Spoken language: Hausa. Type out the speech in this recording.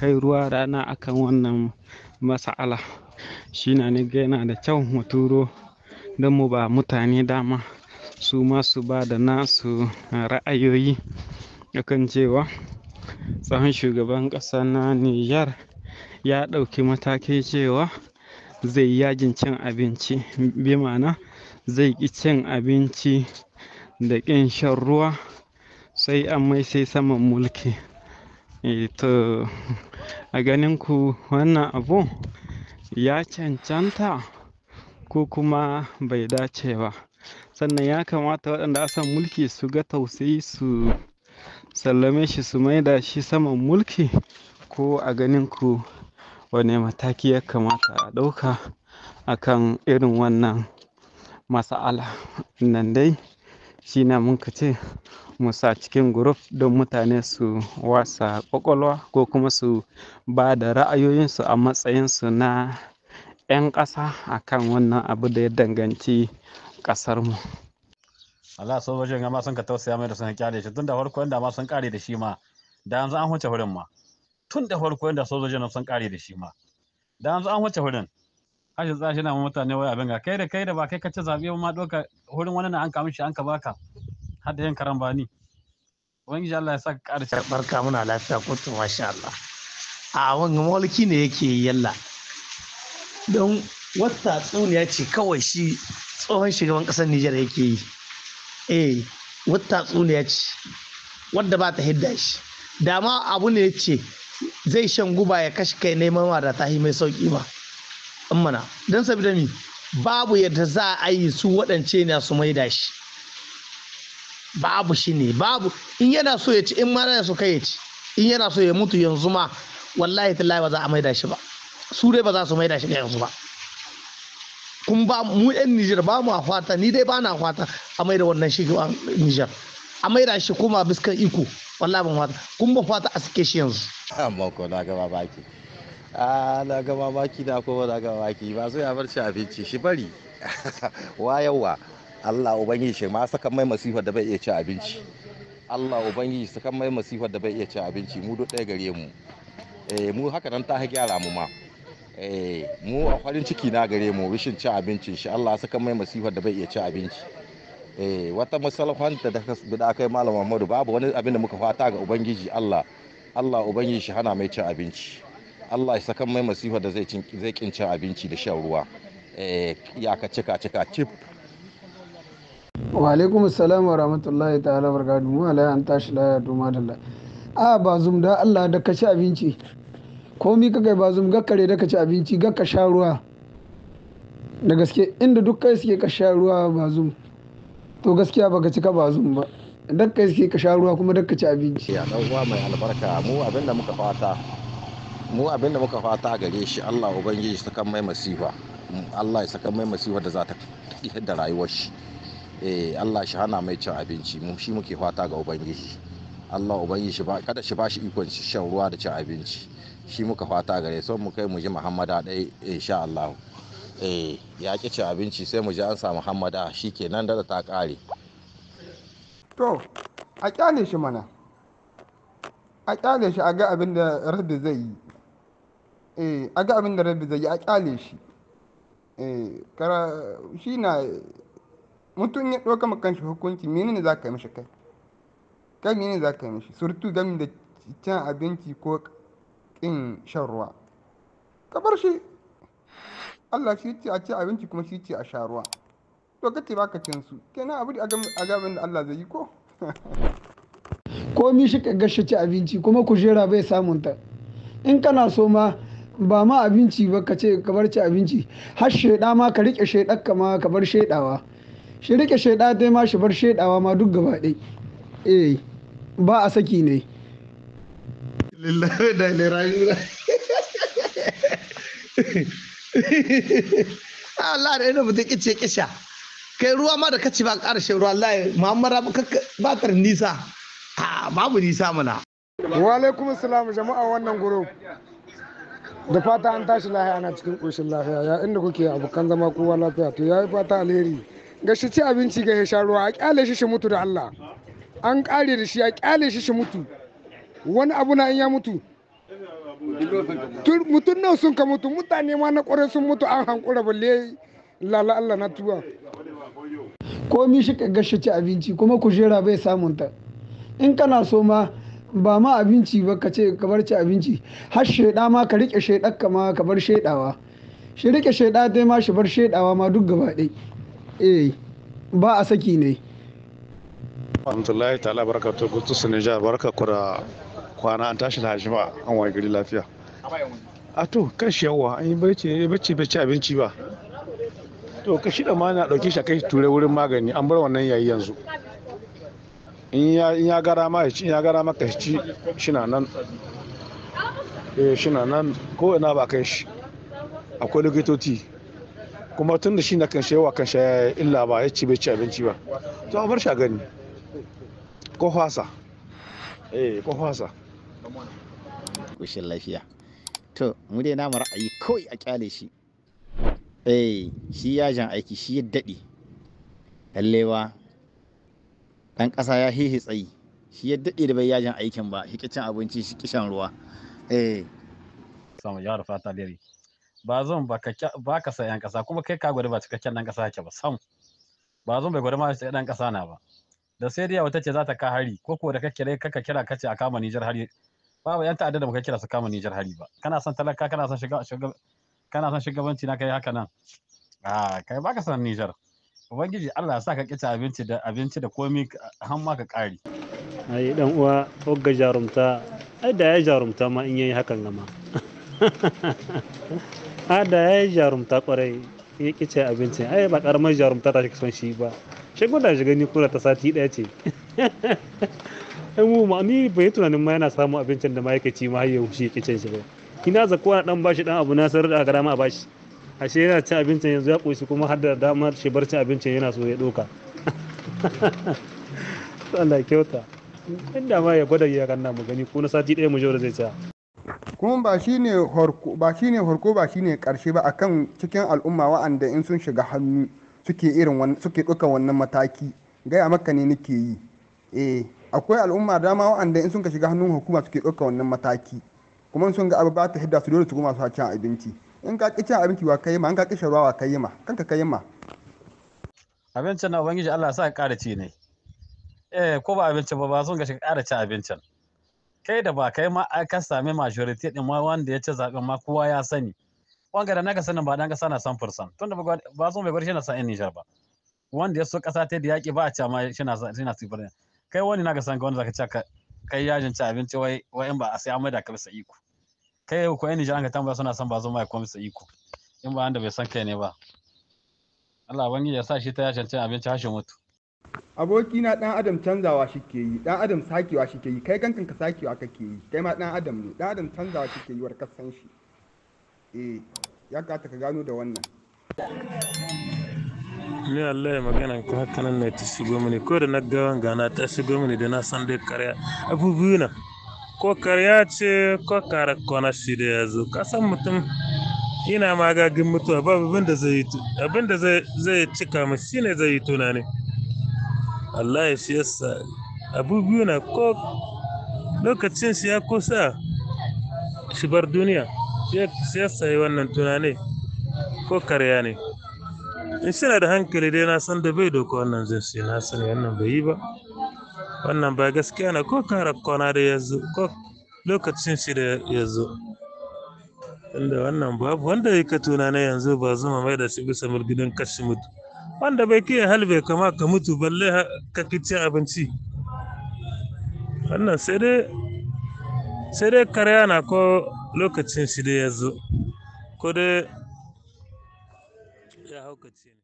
kai ruwa rana akan wannan mas'ala. Shi na naga yana da kyau mu turo don mu ba mutane dama su ma su ba da nasu ra'ayoyi akan cewa tsohon shugaban ƙasa na Nijar ya ɗauki mataki cewa zai yajin cin abinci, bi mana zai ƙi cin abinci da ƙin shan ruwa sai an mai sai saman mulki. Eh, A ganin ku wannan abu ya cancanta ko kuma bai dace ba. Sannan ya kamata waɗanda asan mulki su ga tausayi su sallame shi su maida shi saman mulki ko a ganin ku wane mataki ya kamata a ɗauka akan irin wannan mas'ala. Nan dai shi ne mun ka ce mu sa cikin group don mutane su wasa kwakwalwa ko kuma su ba da ra'ayoyinsu a matsayinsu na 'yan ƙasa kan wannan abu da ya danganci ƙasarmu. Allah sojojin ya ma sun ka tausaya mai da sun kyale shi tun da farko yadda ma sun kare da shi ma da yanzu an huce hurin ma tun da farko yadda sojojin sun kare da shi ma da yanzu an huce hurin hashin tsashi na mutane wai abin ga kai da kai da ba kai ka ci zaɓe ma ɗauka hurin wani na an kamun shi an ka baka har da yan karambani ubangiji Allah ya saka ƙara cikin barka muna lafiya kotu masha Allah a wani mawalki ne yake yalla don wata tsuniya ce kawai shi tsohon shugaban ƙasar Nijar yake yi eh wata tsuniya ce wadda ba ta hidda shi dama abu ne ce zai shan guba ya kashe kai neman wada ta mai sauki ba Amma mana don sabida mi babu yadda za a yi su waɗance ne su maida shi babu shi ne babu in yana so ya ci in ma yana so kai ya ci in yana so ya mutu yanzu ma wallahi tallahi ba za a maida shi ba su dai ba za su maida shi yanzu ba kun ba mu yan Nijar ba mu a fata ni dai ba na fata a maida wannan ga Nijar a maida shi kuma biskan iko wallahi ban fata kun ba fata a sike shi yanzu amma ko na gaba baki a na gaba baki na ko na gaba baki ba so ya bar shi abinci shi bari wayawa Allah ubangiji shi ma sakan mai masifar da bai iya ci abinci Allah ubangiji sakan mai masifar da bai iya ci abinci mu duk ɗaya gare mu eh mu haka nan ta gyara mu ma eh mu a farin ciki na gare mu rishin ci abincin shi Allah sakan mai masifar da bai iya ci abinci eh wata masalafan da da kai malam Muhammadu babu wani abin da muka fata ga ubangiji Allah Allah ubangiji shi hana mai cin abinci Allah ya sakan mai masifar da zai zai kin cin abinci da shan ruwa eh ya ka cika cika cip wa alaikum salam wa rahmatullahi ta'ala barakatuhu mu alai an tashi laya da la. a bazum da Allah da ka ci abinci komi ka kai bazum kare da ka ci abinci ka sha ruwa da gaske inda duk kai suke ka sha ruwa ba zum to gaskiya baka cika bazum ba dan kai suke ka sha ruwa kuma dan ka ci abinci ya dan uwa mai albarka mu abinda muka fata mu abinda muka fata gare shi Allah ubangiji saka mai masifa Allah ya saka mai masifa da za ta da rayuwar shi Eh, Allah shi hana mai cin abinci mu shi muke fata ga ubangiji Allah ubangiji shi kada shi ba shi ikon shan ruwa da cin abinci shi muka fata gare son mu kai mu ji Muhammada dai insha Allah eh ya ki cin abinci sai mu ji an samu Muhammada shikenan da ta kare to a kyale shi mana a kyale shi a ga abin da rabbi zai yi eh a ga abin da rabbi zai yi a kyale shi eh kara shi na mutum ya ɗauka ma shi hukunci menene za ka yi mishi kai kai menene za ka yi mishi surtu game da cin abinci ko ƙin shan ruwa ka bar shi Allah shi ce a ci abinci kuma shi ce a sha ruwa to kace ka cin su kenan abu da agabin da Allah zai yi ko ko mi shi ka shi ci abinci kuma kujera bai samun ta in kana so ma ba ma abinci ba ka ce ka bar ci abinci har sheda ma ka rike shedar ka ma ka bar shedawa shi rike shaida dai ma shi bar shaidawa ma duk gaba ɗai eh ba a saki ne lillahi da lirayu ah, Allah da yana mutum kice kisha kai ruwa ma da kace ba karshe ruwa Allah mu'amara ba tar nisa a babu nisa mana wa alaikum assalam jama'a wannan guro da fata an tashi lahiya ana cikin koshin lafiya ya inda kuke abokan zama kowa lafiya to yayi fata alheri ga shi ci abinci ga sha ruwa a kyale shi shi mutu da Allah an kare da shi a kyale shi shi mutu wani abu na in ya mutu mutum nan sun ka mutu mutane ma na kware sun mutu an hankura balle lala Allah na tuba mi shi ka gashi ci abinci kuma kujera bai samunta in kana so ma ba ma abinci ba ka ce ka bar ci abinci har sheda ma ka rike shedar ka ma ka bar shedawa shi rike sheda dai ma shi bar shedawa ma duk gaba ɗaya eh ba a saki ne alhamdulillahi ta'ala barka to gutu su ne ku da kwana an tashi da hajima an waye gari lafiya a to kashi yawa an yi bacci bacci abinci ba to kashi da ma na dauke shi a kai ture wurin magani an bar wannan yayi yanzu in ya gara ma ya ci in ya gara maka shi ci nan eh shi na nan ko ina ba kai shi akwai likitoci kuma tun da shi na kan shewa kan shaya illa ba ya ci bai ci abinci ba to a bar shi a gani ko fasa eh ko fasa kushin lafiya to mu dai namu ra'ayi kawai a kyale shi eh shi yajin aiki shi ya daɗe lallewa ɗan ƙasa ya hihi tsayi shi ya daɗe da bai yajin aikin ba shi cin abinci shi kishan ruwa eh samu jihar fata dare ba zan ba ka sa yan kasa kuma kai ka gwada ba cikakken dan kasa ke ba sam ba zan bai gwada ma cikakken dan kasa na ba da sai dai wata ce za ta ka hari ko ko da kake rai kaka kira kace a kama Niger hari babu yan ta'adda da muka kira su kama Niger hari ba kana son talaka kana son shiga kana son shugabanci na kai haka nan a kai baka san Niger ubangiji Allah ya sa ka kici abinci da abinci da komai har ma ka kare ai dan uwa hogga jarumta ai da ya jarumta ma in yayi hakan gama Ada ya yi jarumta kwarai ya ƙi ce abincin ai ba karamar jarumta ta son shi ba shi gwada shi gani kula ta sati daya ce ai mu ma ni bai tunanin ma yana samun abincin da ma yake ci ma hayyau shi yake shi ba ina za kowa dan bashi dan abu na sar da gara ma bashi ashe yana cin abincin yanzu ya koshi kuma har da damar shi bar cin abincin yana so ya doka Allah kyauta inda ma ya gwada ya ganna mu gani ko na sati daya mu je zai ci kuma ba shine horko ba shine horko ba shine karshe ba akan cikin al'umma wa'anda in sun shiga hannu suke irin wannan suke dukan wannan mataki gaya maka ne nake yi eh akwai al'umma dama wa'anda in sun ka shiga hannun hukuma suke dukan wannan mataki kuma sun ga abu ba ta hidda su dole su kuma su cin abinci in ka ki cin abinci wa kai ma in ka ki shan wa kai ma kanka kai ma abincin na ubangiji Allah sa ka ƙara ci ne eh ko ba abincin ba ba sun ga shi ƙara ci abincin kai da ba kai ma aka sami majority din ma wanda ya ci zaben ma kowa ya sani wanga da naka sanin ba dan kasa na san fursan tunda ba zo mai gwarshi na san yan Nijar ba wanda ya so kasa ta da yaki ba a ci ma shi na shi na sifar kai wani naka san wanda zaka ci kai yajin ci abinci wai wai ba a sai amma da kalsa iko kai ko yan Nijar ka tambaya suna san ba zo mai komisa iko in ba wanda bai san kai ne ba Allah ubangiji ya sa shi ta yajin ci abinci hashe mutu abokina dan adam canzawa shi ke yi Dan adam sakewa shi ke yi kai kankan ka sakewa kake yi kai ma dan adam ne Dan adam canzawa shi ke yi war kasan shi eh ya kata ka gano da wannan ni Allah ya magana ko haka nan ne ta shigo mini ko da na gawan gana ta shigo mini da na san dai karya abubuwa na ko karya ce ko kara kona shi da ya zo ka san mutum ina magagin mutuwa babu abin da zai yi abin da zai cika mu shine zai yi tunani Allah ya siyasa abubuwa na ko lokacin shi ya kusa shi bar duniya siyasa yi wannan tunane ko karya ne in shi da hankali dai na san da bai doka wannan zai sai na sani wannan bai yi ba wannan ba gaskiya na ko kara kwana da ya zo ko lokacin shi da ya zo inda wannan babu wanda ya ka tunane yanzu ba zuma mai da shi bisa mulgidin kashi mutu wanda bai ya halbe kama ka mutu balle ka kici abinci wannan sai dai sai dai karya na ko lokacin shi dai ya zo ko dai ya haukace